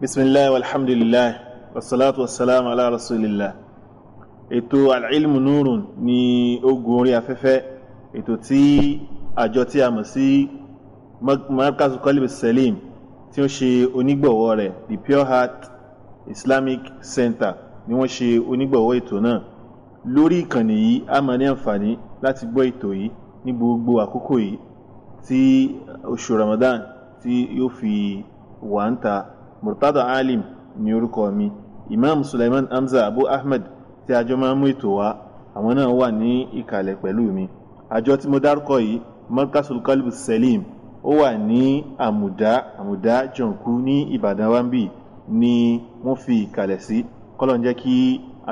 bisimilahi alhamdulilahi wasalaatu wasalaamu ala rasulillah ètò alilmu nurun ní ogun orí afẹ́fẹ́ ètò tí àjọ tí a mọ̀ sí markazu kalibu salim tí ó ṣe onígbọ̀wọ́ rẹ̀ the pure heart islamic center ni wọ́n ṣe onígbọ̀wọ́ ètò náà lórí ìkànnì yìí a máa ní àǹfààní láti gbọ́ ètò yìí ní gbogbo àkókò yìí tí oṣù ramadan tí yóò fi wà ń ta murtada alim ní orúkọ mi imam suleiman hamza abu ahmed tí àjọ máa ń mú ètò wá àwọn náà wà ní ìkàlẹ̀ pẹ̀lú mi àjọ tí mo dárúkọ yìí markasul kalib selim ó wà ní àmùdá àmùdá jọǹkú ní ìbàdàn wambi ni wọ́n fi ìkàlẹ̀ sí kọ́lọ̀ ń jẹ́ kí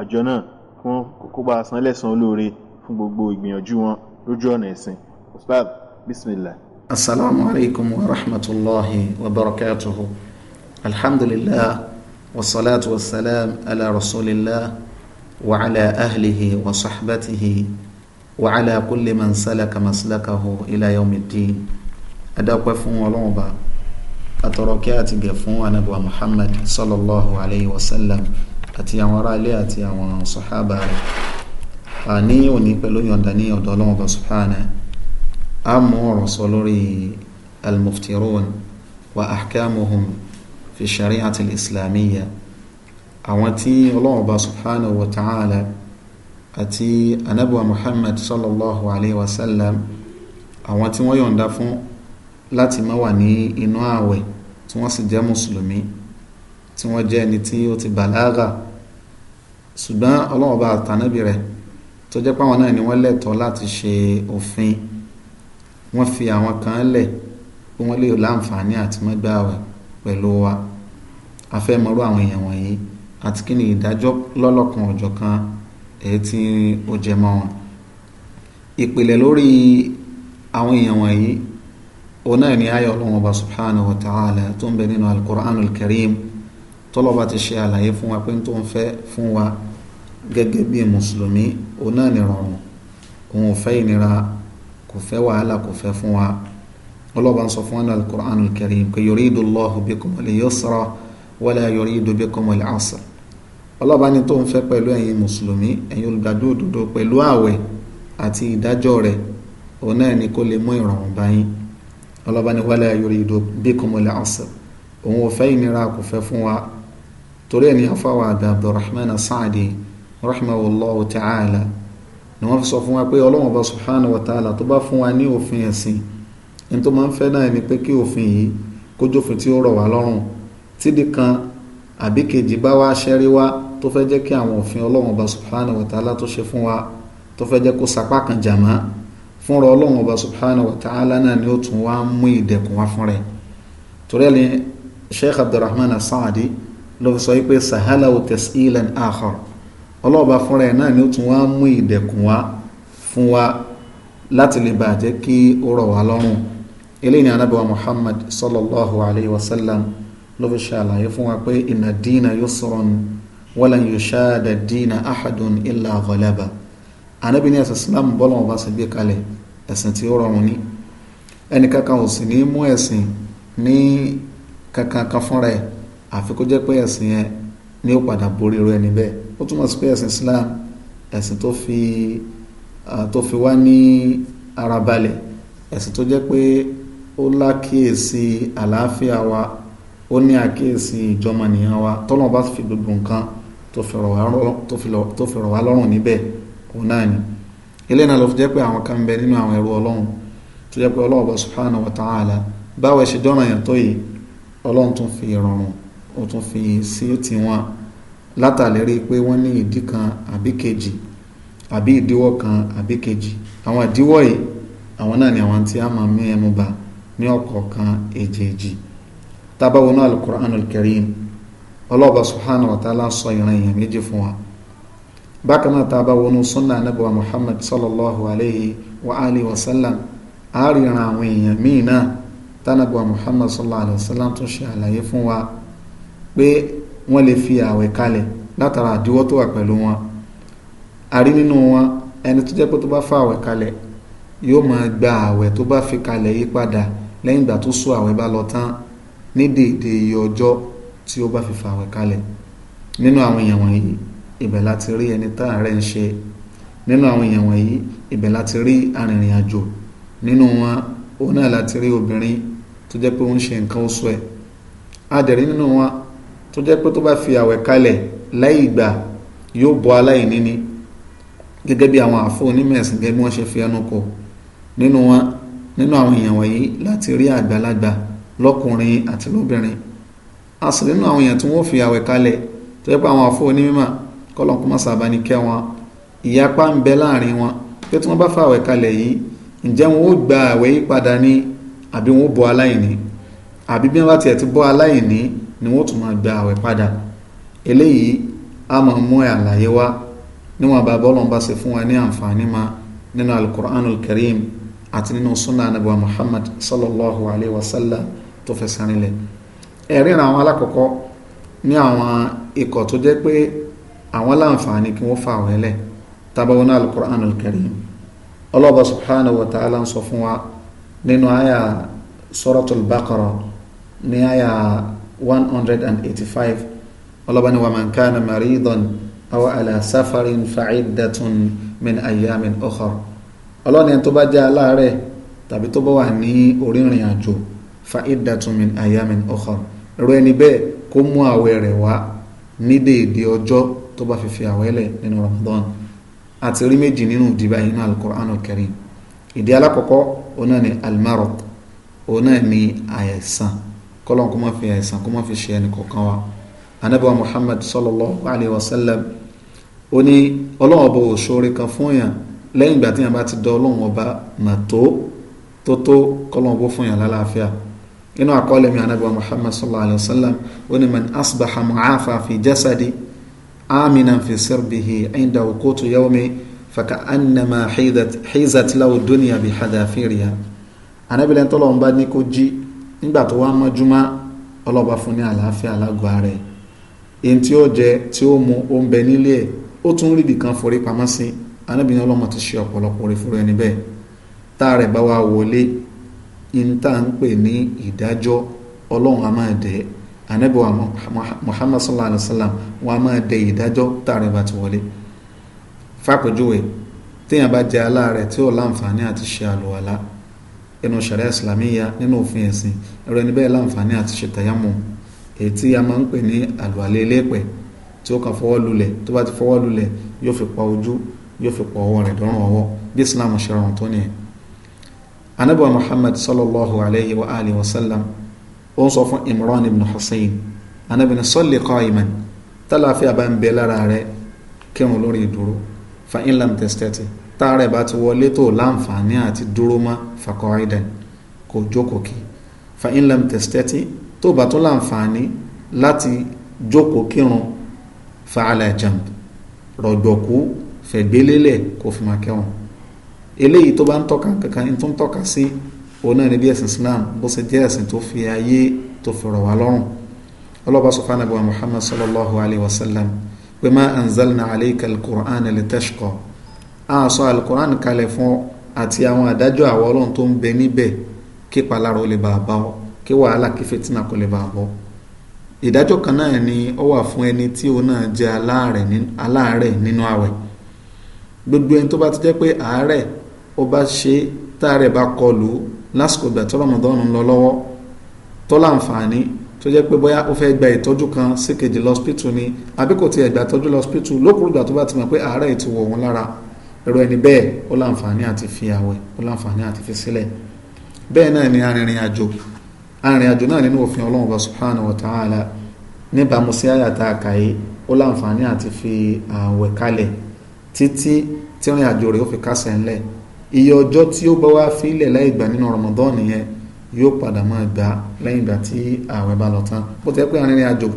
àjọ náà kó bá san lẹ́san olóore fún gbogbo ìgbìyànjú wọn lójú ọ̀nà ẹ̀sìn ustaz bismillah. asalaamualeykum wa rahmatulahi wa barakatuhu. الحمد لله والصلاة والسلام على رسول الله وعلى أهله وصحبته وعلى كل من سلك مسلكه إلى يوم الدين أدعو فون ولوبا أتركات جفون نبوة محمد صلى الله عليه وسلم أتي وراء لي أتي صحابة أني ونقبل يندني ودولون سبحانه أمور صلوري المفترون وأحكامهم fi shari'ati islamiyya àwọn tí ọlọ́run bá subhanahu wa ta'ala àti anabuwa muhammad sallallahu alayhi wa sallam àwọn tí wọ́n yọ̀ǹda fún láti má wà ní inú ààwẹ̀ tí wọ́n sì jẹ́ mùsùlùmí tí wọ́n jẹ́ ẹni tí ó ti bàlágà ṣùgbọ́n ọlọ́run àtànábì rẹ̀ tó jẹ́ páwọn náà ni wọ́n lẹ́tọ̀ọ́ láti ṣe òfin wọ́n fi àwọn kan lẹ̀ wọ́n lè láǹfààní àti má gbààwẹ̀ pẹ̀lú wa a fẹ́ mọ̀rú àwọn èèyàn wọ̀nyí àti kí ni ìdájọ́ lọ́lọ́kan ọ̀jọ̀ kan èyí tí ó jẹ mọ́ wọn ìpìlẹ̀ lórí àwọn èèyàn wọ̀nyí òun náà ni ayọ̀ ọlọ́wọ́n ọba subhanahu wa ta'ala tó ń bẹ nínú al-Qur'an al-Karim tọ́lọ́ba ti ṣe àlàyé fún wa pé tó ń fẹ́ fún wa gẹ́gẹ́ bí mùsùlùmí òun náà ni rọrùn òun ò fẹ́ ìnira kò fẹ́ wàhálà kò fẹ́ fún wa ọlọ́ba ń sọ fún wọn al-Qur'an al-Karim kò yuridu Allahu bikum al-yusra wala yuridu bikum al-'usra ọlọ́ba ní tó ń fẹ́ pẹ̀lú ẹ̀yin mùsùlùmí ẹ̀yin olùgbàdo òdodo pẹ̀lú ààwẹ̀ àti ìdájọ́ rẹ̀ òun náà ni kó lè mú ìrọ̀rùn bá yín ọlọ́ba ní wala yuridu bikum al-'usra òun ò fẹ́ ìnira kò fẹ́ fún wa torí ẹni afáwà àbẹ Abdurrahman as ẹni tó máa ń fẹ́ náà ni pé kí òfin yìí kó jófin tí ó rọ̀ wá lọ́rùn tídì kan àbí kejì bá wá ṣẹ́rí wá tó fẹ́ jẹ́ kí àwọn òfin ọlọ́run ọba subhanahu wa ta'ala tó ṣe fún wa tó fẹ́ jẹ́ kó sapá kan jàmá fúnra ọlọ́run ọba subhanahu wa ta'ala náà ni ó tún wá ń mú ìdẹ̀kùn wá fún rẹ̀ torí ẹni sheikh abdulrahman asaadi ló fi sọ wípé sahala wa tas'ilan akhar ọlọ́ọ̀ba fúnra ẹ̀ náà ni ó tún wá ń mú ìdẹ̀kùn wá fún wa láti lè bàjẹ́ kí ó rọ̀ wá lọ́rùn eléyìí ni Ànábì wa Muhammad sallallahu alayhi wa sallam ló fi ṣàlàyé fún wa pé inna ad-dina yusrun walan yushada ad-dina ahadun illa ghalaba Ànábì ní ẹ̀sìn Islam bọ́lá wọn bá ṣe gbé kalẹ̀ ẹ̀sìn tí ó rọrùn ni ẹnìkankan ò sì ní mú ẹ̀sìn ní kankan kan fúnra àfi kó jẹ́ pé ẹ̀sìn yẹn ni ó padà borí irú ẹni bẹ́ẹ̀ ó túmọ̀ sí pé ẹ̀sìn Islam ẹ̀sìn tó fi tó fi wá ní ara balẹ̀ ẹ̀sìn tó jẹ́ pé ó lákíyèsí àlàáfíà wa ó ní àkíyèsí ìjọmọ̀nìyàn wa tọ́lọ́n bá fi gbogbo nǹkan tó fi rọ̀ wá lọ́rùn níbẹ̀ òun náà ni ilé náà ló fi jẹ́ pé àwọn kan bẹ nínú àwọn ẹrú ọlọ́run tó jẹ́ pé ọlọ́run bá subhanahu wa ta'ala báwo ẹ ṣe dọ́ràn yẹn tó yìí ọlọ́run tún fi rọrùn ó tún fi sí tiwọn látàlérí pé wọ́n ní ìdí kan àbí kejì àbí ìdíwọ́ kan àbí kejì àwọn ìdíwọ́ yìí àwọn náà ni àwọn tí a máa mí ẹnu bà á ní ọ̀kọ̀ọ̀kan èjèèjì tábàwọn náà alukur'anul karim ọlọ́ọ̀bà subhanahu wa ta'ala sọ ìran èèyàn méjì fún wa bákan náà tábàwọn ní sunna anabiwa muhammad sallallahu alayhi wa alihi wa sallam àáríran àwọn èèyàn míì náà tánàbíwa muhammad sallallahu alayhi wa sallam tún ṣe àlàyé fún wa pé wọ́n lè fi ààwẹ̀ kalẹ̀ látara àdíwọ́ tó wà pẹ̀lú wọn a nínú wọn ẹni tó jẹ́ pé tó bá fa ààwẹ̀ kalẹ̀ yóò máa gba ààwẹ̀ tó bá fi kalẹ̀ yí padà lẹ́yìn ìgbà tó sọ àwẹ̀ bá lọ tán ní dèédé iye ọjọ́ tí ó bá fi fa àwẹ̀ kalẹ̀ nínú àwọn èèyàn wọ̀nyí ibẹ̀ láti rí ẹni tá àárẹ̀ ń ṣe nínú àwọn èèyàn wọ̀nyí ibẹ̀ láti rí arìnrìn àjò nínú wọn òun náà láti rí obìnrin tó jẹ́ pé ó ń ṣe nǹkan oṣù ẹ̀ adẹ̀rí nínú wọn tó jẹ́ pé tó bá fi àwẹ̀ kalẹ̀ láì ìgbà yóò bọ́ aláìní ni gẹ́gẹ́ bí àwọn àfọ onímọ̀ ẹ̀sìn gẹ́gẹ́ bí wọ́n ṣe fi ẹnu kọ nínú wọn nínú àwọn èèyàn wọ̀nyí láti rí àgbàlagbà lọ́kùnrin àti lóbìnrin a sì nínú àwọn èèyàn tí wọ́n fi àwẹ̀ kalẹ̀ tó yẹ pé àwọn àfọ onímọ̀ kọ́lọ́nkú mọ̀ sábà ní kẹ́ wọn ìyapa ń bẹ láàrin wọn pé tí wọ́n bá fa àwẹ̀ kalẹ̀ yìí ǹjẹ́ wọn ó gba àwẹ̀ yìí padà ní àbí wọn ó bọ́ aláìní àbí bí wọ́n bá tiẹ̀ ti bọ́ aláìní ni wọ́n tún máa gba àwẹ̀ padà eléyìí a máa mú àlàyé wá níwọ̀n bá bọ́lọ̀ ń bá ṣe fún wa ní àǹfààní ma nínú alukur'anul karim àti nínú súnà anabuwa muhammad sallallahu alayhi wa sallam tó fẹsẹ̀ rinlẹ̀ ẹ̀rín àwọn alákọ̀ọ́kọ́ ní àwọn ikọ̀ tó jẹ́ pé àwọn láǹfààní kí wọ́n fa àwọn ẹlẹ́ tabawọn alukur'an alkarim ọlọ́ba subhanahu wa ta'ala ń sọ fún wa nínú àyà suratul baqara ní àyà 185 ọlọ́ba ni wa man kana maridan aw ala safarin fa'iddatun min ayamin ukhra ọlọ́ni ẹni tó bá jẹ́ aláàárẹ̀ tàbí tó bá wà ní orí ìrìn àjò fa iddatun min ayamin ukhar ẹ̀rọ ẹni bẹ́ẹ̀ kó mú àwẹ̀ rẹ̀ wá ní déédé ọjọ́ tó bá fi fi àwẹ̀ lẹ̀ nínú Ramadan àti rí méjì nínú ìdìbà yìí náà al-Qur'an al-Karim ìdí alákọ̀ọ́kọ́ ọ̀nà ni al-marad ọ̀nà ni àìsàn kọ́lọ́n kó má fi àìsàn kó má fi ṣe ẹnì kọ̀ọ̀kan wa anabi wa Muhammad sallallahu alayhi wa sallam ó ní ọlọ́wọ́ bọ̀ òṣòro kan fún yàn lẹ́yìn ìgbà tí yàn bá ti dọ ọlọ́run ọba nà tó tó tó kọ́lọ́run bó fún yàn lálàáfíà inú àkọọ́lẹ̀ mi ànábì wa muhammad sallallahu alayhi wa sallam ó ní man asbaha mu'afa fi jasadi aminan fi sirbihi inda wukutu yawmi faka annama hizat lawo dunya bi hadafiriya anábìlẹ̀ tọ́lọ́run bá ní kó jí nígbà tó wá mọ́júmá ọlọ́ba fún ní àlàáfíà lágọ̀ọ́ ara èyí tí ó jẹ tí ó mu ó nílé ẹ̀ ó tún rí ibìkan forí pamọ́ sí i anábìyàn ọlọ́mọ ti ṣe ọ̀pọ̀lọpọ̀ rẹ̀ fúnra ẹni bẹ́ẹ̀ tá a rẹ̀ bá wa wọlé ìta ń pè ní ìdájọ́ ọlọ́run a máa dẹ̀ anábì wa muhammad sallallahu alayhi wa sallam wọn a máa dẹ̀ ìdájọ́ tá a rẹ̀ bá ti wọlé fàpèjúwe téèyàn bá jẹ aláàrẹ̀ tí ò láǹfààní àti ṣe àlùwàlá nínú sàrẹ́ islamiyya nínú òfin ẹ̀sìn ẹ̀rọ ẹni bẹ́ẹ̀ láǹfààní àti ṣe tàyámù èyí tí a máa ń pè ní àlùwàlá elépẹ̀ tí ó kàn fọwọ́ lulẹ̀ tó bá ti fọwọ́ lulẹ̀ yóò fi pa ojú yóò fi pọ̀ ọwọ́ rẹ̀ dọ́rùn ọwọ́ bí islam ṣe rọrùn tó nìyẹn anabiwa muhammad sallallahu alayhi wa alihi wa sallam ó ń sọ fún imran ibn hussein anabi ni salli qa'iman tálàfíà bá ń bẹ lára rẹ̀ kírun lórí ìdúró fa in lam táàrẹ̀ bá ti wọlé tó láǹfààní àti dúró mọ́ fa kò jókòó kí fa in lam tó bá tó láǹfààní láti jókòó kírun fa ala jamb rọ̀gbọ̀kú fẹ̀gbélélẹ̀ kó fi máa kẹ́wọ̀n eléyìí tó bá ń tọ́ka kankan ní tó ń tọ́ka sí òun náà ní bí ẹ̀sìn Islam bó ṣe jẹ́ ẹ̀sìn tó fi ayé tó fi rọ̀ wá lọ́rùn ọlọ́ba sọ̀fánà bọ̀ Muhammad sallallahu alayhi wa sallam pé má anzalna alayka al-Qur'an litashqa a sọ al-Qur'an kalẹ̀ fún àti àwọn àdájọ́ àwọn ọlọ́run tó ń bẹ níbẹ̀ kí palára ó lè bá a bá ọ kí wàhálà kí fìtínà kó lè bá a bọ́ ìdájọ́ kan náà ni ó wà fún ẹni tí òun náà jẹ́ aláàrẹ̀ nínú àwẹ̀ gbogbo ẹni tó bá ti jẹ́ pé àárẹ̀ ó bá ṣe táàrẹ̀ bá kọlù lásìkò ìgbà tó Ramadan ń lọ lọ́wọ́ tó láǹfààní tó jẹ́ pé bóyá ó fẹ́ gba ìtọ́jú kan sí kejì lọ́spítù ni àbí kò tiẹ̀ gba ìtọ́jú lọ́spítù lókùrúgbà tó bá ti mọ̀ pé àárẹ̀ ti wọ̀ wọ́n lára ẹ̀rọ ẹni bẹ́ẹ̀ ó láǹfààní àti fi àwẹ̀ ó láǹfààní àti fi sílẹ̀ bẹ́ẹ̀ náà ni arìnrìn àjò arìnrìn àjò náà nínú òfin ọlọ́run bá subhanahu wa ta'ala níbàámu sí àyàtà àkàyé ó láǹfààní àti fi àwẹ̀ kalẹ̀ títí tí rìn àjò rẹ̀ ó fi kásẹ̀ ńlẹ̀ iye ọjọ́ tí ó bá wá fílẹ̀ láì gbà nínú Ramadan nìyẹn yóò padà máa gbà lẹ́yìn ìgbà tí ààwẹ̀ bá lọ tán bó ti yẹ pé arìnrìn àjò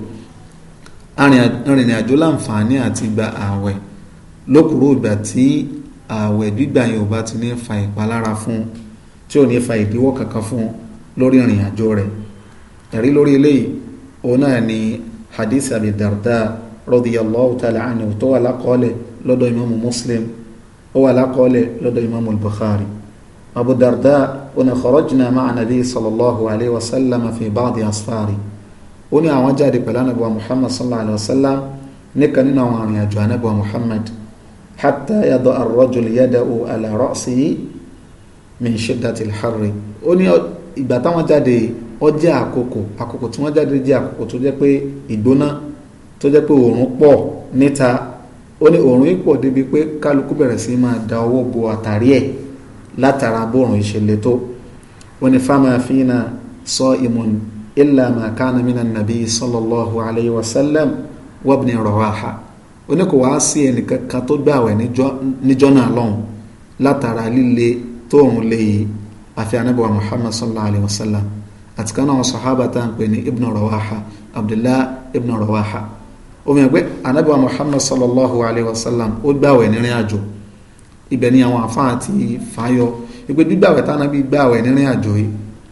arìnrìn àjò láǹfààní àti gba ààwẹ̀ lókùrú ìgbà tí ààwẹ̀ gbígbà yẹn ò bá ti ní fa ìpalára fún tí ò ní fa ìdíwọ́ kankan fún lórí ìrìn àjò rẹ̀ ẹ̀rí lórí eléyìí òun náà ni hadith abi darda radiyallahu ta'ala anhu tó wà lọ́dọ̀ imamu muslim ó wà lákọọ́lẹ̀ lọ́dọ̀ imamu bukhari abu darda ona kharajna ma'a nabi sallallahu alayhi wa sallam fi ba'di asfari ó ní àwọn jáde pẹ̀lú anabi wa muhammad sallallahu alayhi wa sallam níkan nínú àwọn arìnrìn àjò anabi wa muhammad hatta yadọ arrajul yadahu ala ra'sihi min shiddati alharri ó ní ìgbà táwọn jáde ó jẹ́ àkókò àkókò tí wọ́n jáde jẹ́ àkókò tó jẹ́ pé ìgbóná tó jẹ́ pé òórùn pọ̀ níta ó ní òórùn yìí pọ̀ débi pé kálukú bẹ̀rẹ̀ sí máa da ọwọ́ bo àtàrí ẹ̀ látara bóòrùn ìṣẹ̀lẹ̀ tó ó ní fáma fínà sọ ìmùn ilà máa kánà mí náà nàbí sallallahu alayhi wa sallam wabni rawaha ó ní kò wá sí ẹnìkan kan tó gbààwẹ̀ níjọ́ náà lọ́hùn látara líle tóòrùn lè yìí àfi anábọ̀wá muhammad sallallahu alayhi wa sallam àti kan náà omi ẹgbẹ́ anabi wa muhammad sallallahu alayhi wa sallam ó gbàwẹ̀ nírìn àjò ibẹ̀ ni àwọn àfáà ti fàáyọ ìpè gbígbàwẹ̀ tánabi gbàwẹ̀ nírìn àjò yìí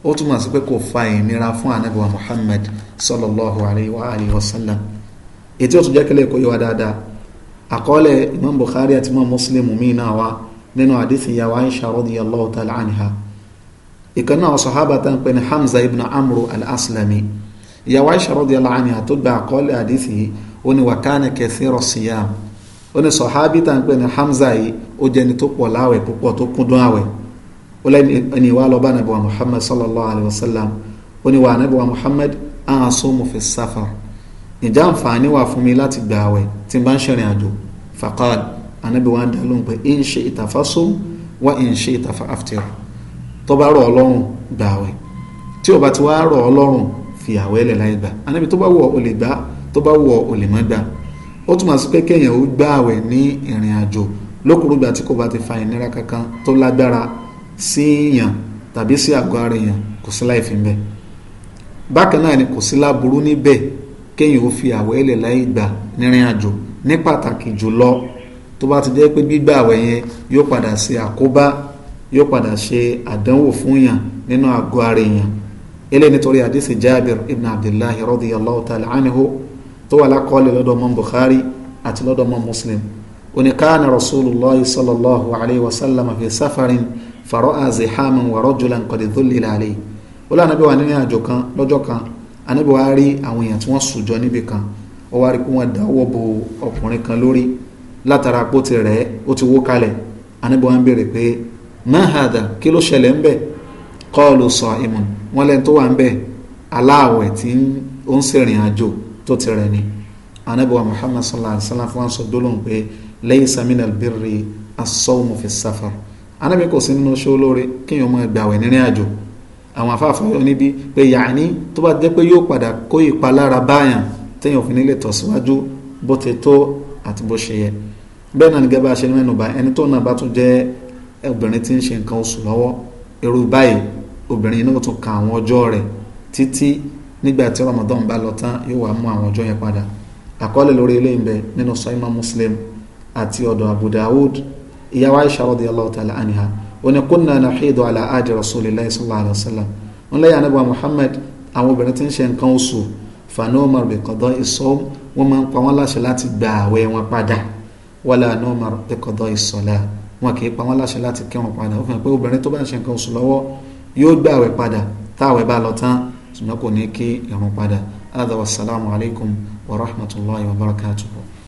ó túmọ̀ sí pé kò fa ìnira fún anabi wa muhammad sallallahu alayhi wa sallam ètí ọ̀tún jẹ́kẹ́lẹ́ ẹ̀kọ́ yìí wá dáadáa àkọọ́lẹ̀ imam bukhari àti imam muslim mi náà wá nínú àdìsí ìyàwó aisha radiyallahu ta'ala anha ìkan náà sọ̀hábà tá ń pè ní hamza ibn amru al-aslami ìyàwó aisha radiyallahu anha tó gba àkọọ́lẹ̀ àdìsí yìí ó ní wàkánà kẹsìrọ̀ síyàm ó ní sọ̀hábí tá à ń pè ní Hamza yìí ó jẹ́ ẹni tó pọ̀ láwẹ̀ púpọ̀ tó kúndùn àwẹ̀ ó lẹ́ni wá lọ́ba nàbí wa Muhammad sallallahu alayhi wa sallam ó ní wà nàbí wa Muhammad àwọn sọ́mu fi sáfàr ìjà àǹfààní wà fún mi láti gbà àwẹ̀ tí n bá ń ṣẹ̀rìn àjò faqal anabi wa ń dá lóhùn pé in shi'ta fasum wa in shi'ta fa aftir tó bá rọ̀ ọlọ́run gbà àwẹ̀ tí ò bá ti wá rọ̀ ọlọ́run fi àwẹ̀ lẹ̀ láì gbà anabi tó bá wọ̀ ọ lè gbà á tó bá wọ ò lè má gbà ó túmọ̀ sí pé kéèyàn ó gba àwẹ̀ ní ìrìn àjò lókùrúgbà tí kò bá ti fa ìnira kankan tó lágbára sí èèyàn tàbí sí àgọ́ ara èèyàn kò sí láì fi ń bẹ̀ bákan náà ni kò sí láburú níbẹ̀ kéèyàn ó fi àwẹ̀ lẹ̀ láì gbà nírìn àjò ní pàtàkì jùlọ tó bá ti jẹ́ pé gbígbà àwẹ̀ yẹn yóò padà ṣe àkóbá yóò padà ṣe àdánwò fún yàn nínú àgọ́ ara èèyàn eléyìí nítorí àdìsí Jabir ibn Abdullahi radiyallahu ta'ala anhu tó wà lákọọ́lẹ̀ lọ́dọ̀ mọ́ Bukhari àti lọ́dọ̀ mọ́ Muslim oníkàánà rasulillah sallallahu alayhi wa sallam fi safarin faro'a zihaman wa rajulan qadi dhullila alayhi ó lànà bí wà nínú àjò kan lọ́jọ́ kan anábì wàá rí àwọn èèyàn tí wọ́n sùjọ níbì kan ó wá rí pé wọ́n dáwọ́ bo ọkùnrin kan lórí látara pó ti rẹ̀ ó ti wó kalẹ̀ anábì ń béèrè pé mahada kí ló ṣẹlẹ̀ ń bẹ̀ qalu sa'imun wọ́n lẹ́ni tó wà ń bẹ̀ aláàwẹ̀ tí ó ń ṣèrìn àjò tó ti rẹ̀ ni anabiwa muhammad sallallahu alaihi wa sallam fún wa sọ dólóhùn pé laysa minal birri as-sawmu fi safar anabi kò sí nínú ṣó lóore kéèyàn máa gbàwẹ̀ nírìn àjò àwọn afáfáà yọ níbi pé yàní tó bá jẹ́ pé yóò padà kó ìpalára báyàn téèyàn fi nílé tọ̀síwájú bó ti tó àti bó ṣe yẹ bẹ́ẹ̀ náà ni bá a ṣe mẹ́nu bá ẹni tó náà bá tún jẹ́ obìnrin tí ń ṣe nǹkan oṣù lọ́wọ́ irú báyìí obìnrin náà tún ka àwọn ọjọ́ rẹ̀ títí nígbà tí Ramadan bá lọ tán yóò wá mú àwọn ọjọ́ yẹn padà àkọọ́lẹ̀ lórí eléyìí bẹ nínú sọ́yìnmá Muslim àti ọ̀dọ̀ Abu Dawud ìyàwó Aisha radiyallahu ta'ala anha oní kunna nahidu ala adi rasulillahi sallallahu alayhi wa sallam wọn lẹ́yìn anabi Muhammad àwọn obìnrin tí ń ṣe nǹkan oṣù fanomar bẹ̀kọ̀dọ̀ ìsọ́m wọn máa ń pa wọn láṣẹ láti gba àwẹ̀ wọn padà wala nomar bẹ̀kọ̀dọ̀ ìsọ̀lá wọn kì í pa wọn láṣẹ láti kírun padà ó fi hàn pé obìnrin tó bá ń ṣe nǹkan oṣù lọ́wọ́ yóò gba àwẹ̀ padà táwẹ̀ bá lọ tán ṣùgbọ́n kò ní kí ìrun padà adha wassalamu alaikum wa rahmatullahi wa barakatuhu.